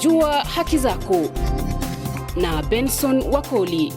Jua haki zako na Benson Wakoli.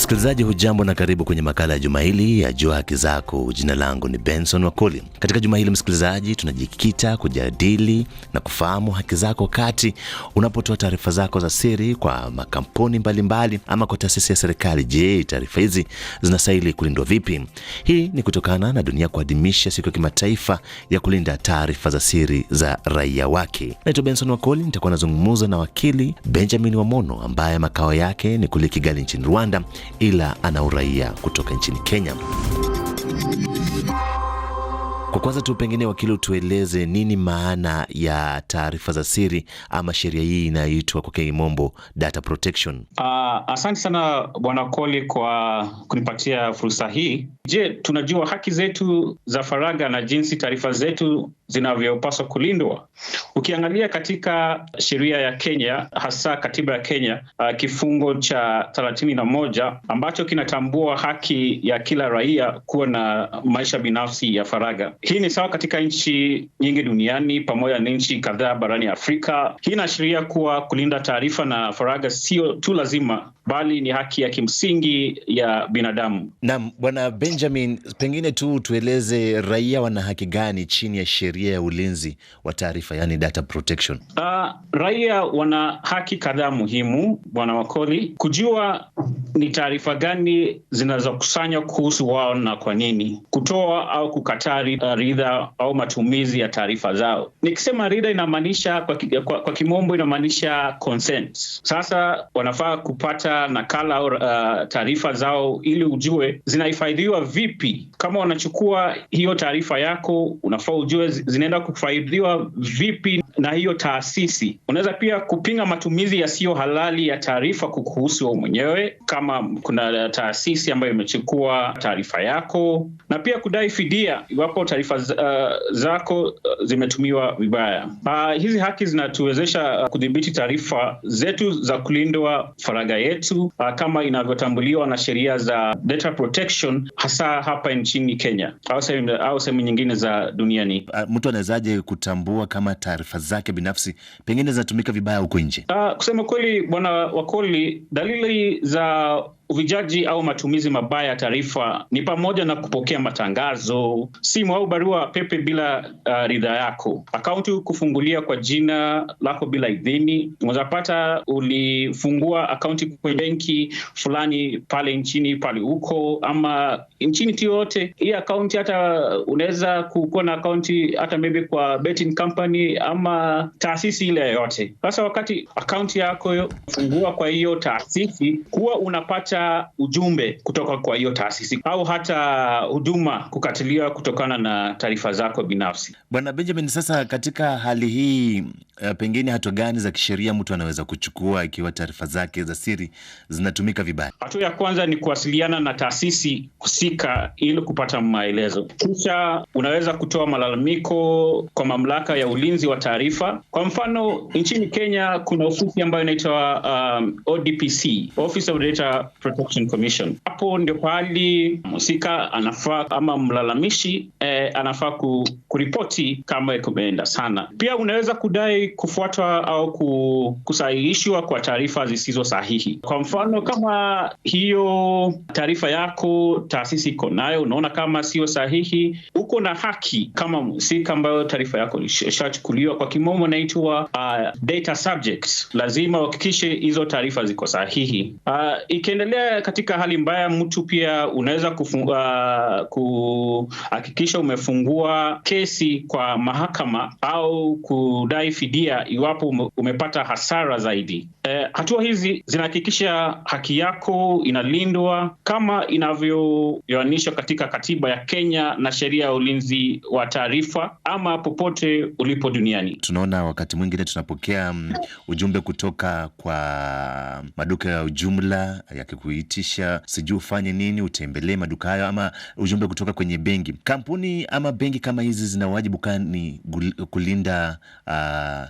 Msikilizaji hujambo na karibu kwenye makala ya juma hili ya Jua Haki Zako. Jina langu ni Benson Wakoli. Katika juma hili msikilizaji, tunajikita kujadili na kufahamu haki zako wakati unapotoa taarifa zako za siri kwa makampuni mbalimbali mbali, ama kwa taasisi ya serikali. Je, taarifa hizi zinastahili kulindwa vipi? Hii ni kutokana na dunia kuadhimisha siku ya kimataifa ya kulinda taarifa za siri za raia wake. Naitwa Benson Wakoli, nitakuwa nazungumuza na wakili Benjamin Wamono ambaye makao yake ni kule Kigali nchini Rwanda ila ana uraia kutoka nchini Kenya. Kwa kwanza tu pengine wakili, utueleze nini maana ya taarifa za siri ama sheria hii inayoitwa kwa kimombo data protection? Uh, asante sana bwana Koli kwa kunipatia fursa hii. Je, tunajua haki zetu za faragha na jinsi taarifa zetu zinavyopaswa kulindwa? Ukiangalia katika sheria ya Kenya, hasa katiba ya Kenya, uh, kifungo cha thelathini na moja ambacho kinatambua haki ya kila raia kuwa na maisha binafsi ya faragha hii ni sawa katika nchi nyingi duniani pamoja na nchi kadhaa barani Afrika. Hii inaashiria kuwa kulinda taarifa na faragha sio tu lazima, bali ni haki ya kimsingi ya binadamu. Naam, Bwana Benjamin, pengine tu tueleze raia wana haki gani chini ya sheria ya ulinzi wa taarifa, yani data protection? Uh, raia wana haki kadhaa muhimu, Bwana Wakoli, kujua ni taarifa gani zinazokusanywa kuhusu wao na kwa nini, kutoa au kukataa ah, kutoa ridha au matumizi ya taarifa zao. Nikisema ridha inamaanisha kwa, kwa, kwa kimombo inamaanisha consent. Sasa wanafaa kupata nakala au uh, taarifa zao ili ujue zinahifadhiwa vipi. Kama wanachukua hiyo taarifa yako, unafaa ujue zinaenda kuhifadhiwa vipi na hiyo taasisi. Unaweza pia kupinga matumizi yasiyo halali ya taarifa kukuhusu wewe mwenyewe, kama kuna taasisi ambayo imechukua taarifa yako, na pia kudai fidia iwapo taarifa eh, zako eh, zimetumiwa vibaya. Ah, hizi haki zinatuwezesha eh, kudhibiti taarifa zetu za kulindwa faragha yetu ah, kama inavyotambuliwa na sheria za data protection hasa hapa nchini Kenya au sehemu nyingine za duniani. Ah, mtu anawezaje kutambua kama taarifa zake binafsi pengine zinatumika vibaya huko nje? kusema kweli, Bwana Wakoli, dalili za Uvijaji au matumizi mabaya ya taarifa ni pamoja na kupokea matangazo, simu au barua pepe bila uh, ridhaa yako, akaunti kufungulia kwa jina lako bila idhini. Unawezapata ulifungua akaunti kwenye benki fulani pale nchini pale huko, ama nchini tu yoyote hii akaunti. Hata unaweza kuwa na akaunti hata maybe kwa betting company ama taasisi ile yoyote. Sasa wakati akaunti yako fungua kwa hiyo taasisi, kuwa unapata kupata ujumbe kutoka kwa hiyo taasisi au hata huduma kukatiliwa kutokana na taarifa zako binafsi. Bwana Benjamin, sasa katika hali hii Eh, pengine hatua gani za kisheria mtu anaweza kuchukua ikiwa taarifa zake za siri zinatumika vibaya? Hatua ya kwanza ni kuwasiliana na taasisi husika ili kupata maelezo, kisha unaweza kutoa malalamiko kwa mamlaka ya ulinzi wa taarifa. Kwa mfano, nchini Kenya kuna ofisi ambayo inaitwa um, ODPC, Office of Data Protection Commission. Hapo ndio pahali mhusika anafaa ama mlalamishi eh, anafaa kuripoti kama kumeenda sana. Pia unaweza kudai kufuatwa au kusahihishwa kwa taarifa zisizo sahihi. Kwa mfano, kama hiyo taarifa yako taasisi iko nayo, unaona kama sio sahihi, uko na haki kama mhusika ambayo taarifa yako ishachukuliwa, kwa kimomo inaitwa uh, data subject. Lazima uhakikishe hizo taarifa ziko sahihi. Uh, ikiendelea katika hali mbaya, mtu pia unaweza uh, kuhakikisha uh, umefungua kesi kwa mahakama au kudai fidia kuchangia iwapo umepata hasara zaidi. E, hatua hizi zinahakikisha haki yako inalindwa kama inavyoanishwa katika katiba ya Kenya na sheria ya ulinzi wa taarifa, ama popote ulipo duniani. Tunaona wakati mwingine tunapokea mm, ujumbe kutoka kwa maduka ya ujumla yakikuitisha sijui ufanye nini, utembelee maduka hayo, ama ujumbe kutoka kwenye benki. Kampuni ama benki kama hizi zina wajibu kani kulinda uh,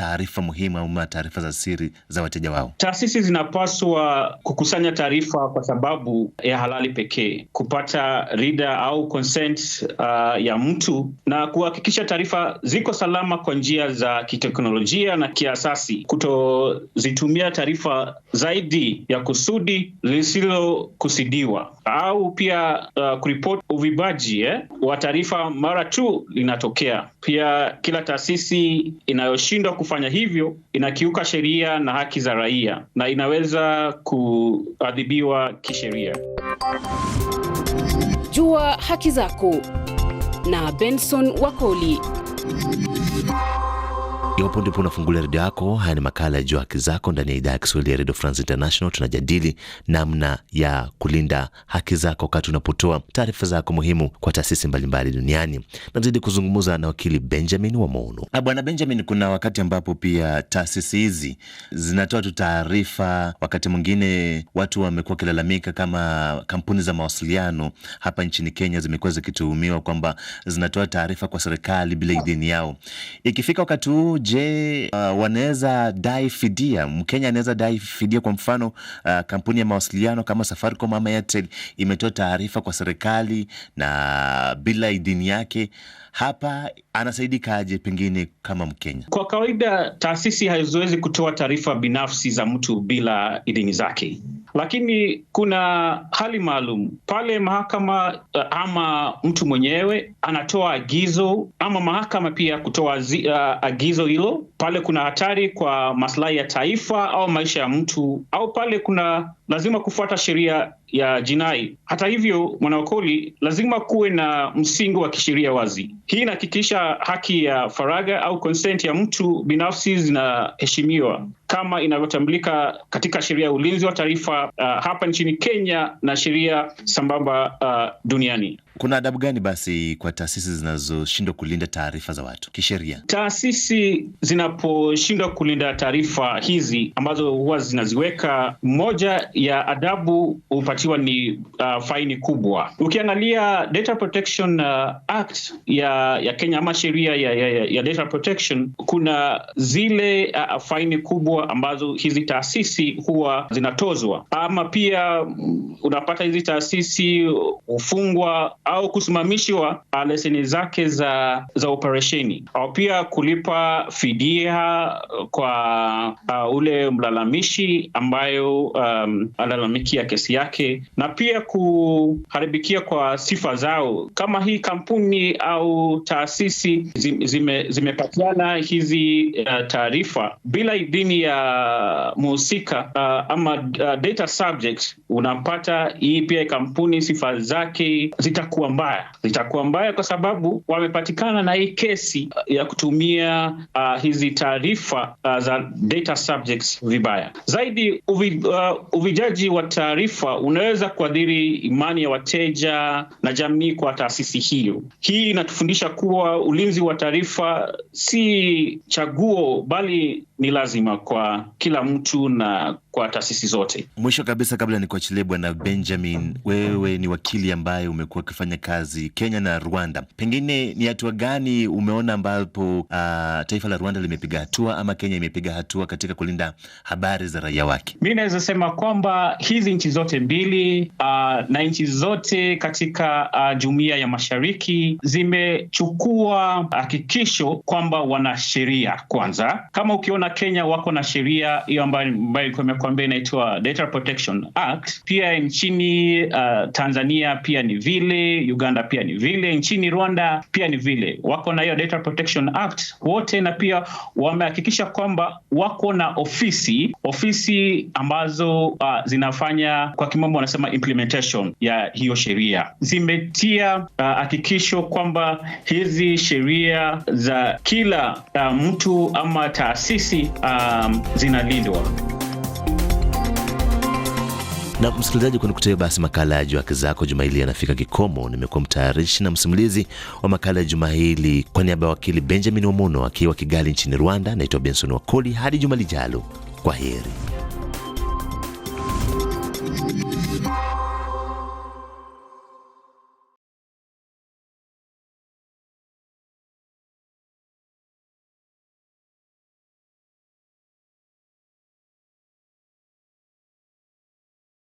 taarifa muhimu au taarifa za siri za wateja wao? Taasisi zinapaswa kukusanya taarifa kwa sababu ya halali pekee, kupata rida au consent uh, ya mtu na kuhakikisha taarifa ziko salama kwa njia za kiteknolojia na kiasasi, kutozitumia taarifa zaidi ya kusudi lisilokusudiwa au pia uh, kuripoti uvibaji eh, wa taarifa mara tu linatokea. Pia kila taasisi inayoshindwa kufanya hivyo inakiuka sheria na haki za raia na inaweza kuadhibiwa kisheria. Jua haki zako na Benson Wakoli. Iwapo ndipo unafungulia redio yako, haya ni makala ya Jua Haki Zako ndani ya idhaa ya Kiswahili ya Redio France International. Tunajadili namna ya kulinda haki zako wakati unapotoa taarifa zako muhimu kwa taasisi mbalimbali duniani. Nazidi kuzungumza na wakili Benjamin Wamono. Ah, Bwana Benjamin, kuna wakati ambapo pia taasisi hizi zinatoa tu taarifa, wakati mwingine watu wamekuwa wakilalamika, kama kampuni za mawasiliano hapa nchini Kenya zimekuwa zikituhumiwa kwamba zinatoa taarifa kwa serikali bila idhini yao. Ikifika wakati huu Je, uh, wanaweza dai fidia? Mkenya anaweza dai fidia? Kwa mfano uh, kampuni ya mawasiliano kama Safaricom ama Airtel imetoa taarifa kwa serikali na bila idhini yake, hapa anasaidikaje pengine kama Mkenya? Kwa kawaida taasisi haziwezi kutoa taarifa binafsi za mtu bila idhini zake, lakini kuna hali maalum pale mahakama uh, ama mtu mwenyewe anatoa agizo ama mahakama pia kutoa zi, uh, agizo hilo, pale kuna hatari kwa maslahi ya taifa au maisha ya mtu, au pale kuna lazima kufuata sheria ya jinai. Hata hivyo, mwanawakoli lazima kuwe na msingi wa kisheria wazi. Hii inahakikisha haki ya faraga au konsenti ya mtu binafsi zinaheshimiwa kama inavyotambulika katika sheria ya ulinzi wa taarifa uh, hapa nchini Kenya na sheria sambamba uh, duniani. Kuna adabu gani basi kwa taasisi zinazoshindwa kulinda taarifa za watu kisheria? Taasisi zinaposhindwa kulinda taarifa hizi ambazo huwa zinaziweka, moja ya adabu hupatiwa ni uh, faini kubwa. Ukiangalia Data Protection uh, Act ya ya Kenya ama sheria ya, ya, ya data protection, kuna zile uh, faini kubwa ambazo hizi taasisi huwa zinatozwa, ama pia mm, unapata hizi taasisi hufungwa au kusimamishwa leseni zake za za operesheni au pia kulipa fidia kwa uh, ule mlalamishi ambayo um, alalamikia kesi yake, na pia kuharibikia kwa sifa zao. Kama hii kampuni au taasisi zime, zimepatiana hizi uh, taarifa bila idhini ya muhusika uh, ama uh, data subject, unapata hii pia kampuni sifa zake zitaku itakuwa mbaya, itakuwa mbaya kwa sababu wamepatikana na hii kesi uh, ya kutumia uh, hizi taarifa uh, za data subjects vibaya zaidi. Uvi, uh, uvijaji wa taarifa unaweza kuathiri imani ya wateja na jamii kwa taasisi hiyo. Hii inatufundisha kuwa ulinzi wa taarifa si chaguo, bali ni lazima kwa kila mtu na kwa taasisi zote. Mwisho kabisa, kabla ni kuachilia Bwana Benjamin, wewe ni wakili ambaye umekuwa unafanya kazi Kenya na Rwanda, pengine ni hatua gani umeona ambapo uh, taifa la Rwanda limepiga hatua ama Kenya imepiga hatua katika kulinda habari za raia wake? Mi naweza sema kwamba hizi nchi zote mbili uh, na nchi zote katika uh, jumuiya ya mashariki zimechukua hakikisho kwamba wana sheria kwanza. Kama ukiona Kenya wako na sheria hiyo ambayo ilikuwa inaitwa Data Protection Act, pia nchini uh, Tanzania pia ni vile Uganda pia ni vile, nchini Rwanda pia ni vile, wako na hiyo Data Protection Act wote, na pia wamehakikisha kwamba wako na ofisi ofisi ambazo uh, zinafanya kwa kimombo wanasema implementation ya hiyo sheria, zimetia uh, hakikisho uh, kwamba hizi sheria za kila uh, mtu ama taasisi um, zinalindwa. Na msikilizaji, kwa nukta basi, makala ya Jua Haki Zako juma hili yanafika kikomo. Nimekuwa mtayarishi na msimulizi wa makala ya juma hili kwa niaba ya wakili Benjamin wamuno akiwa Kigali nchini Rwanda. Naitwa Benson Wakoli, hadi juma lijalo, kwa heri.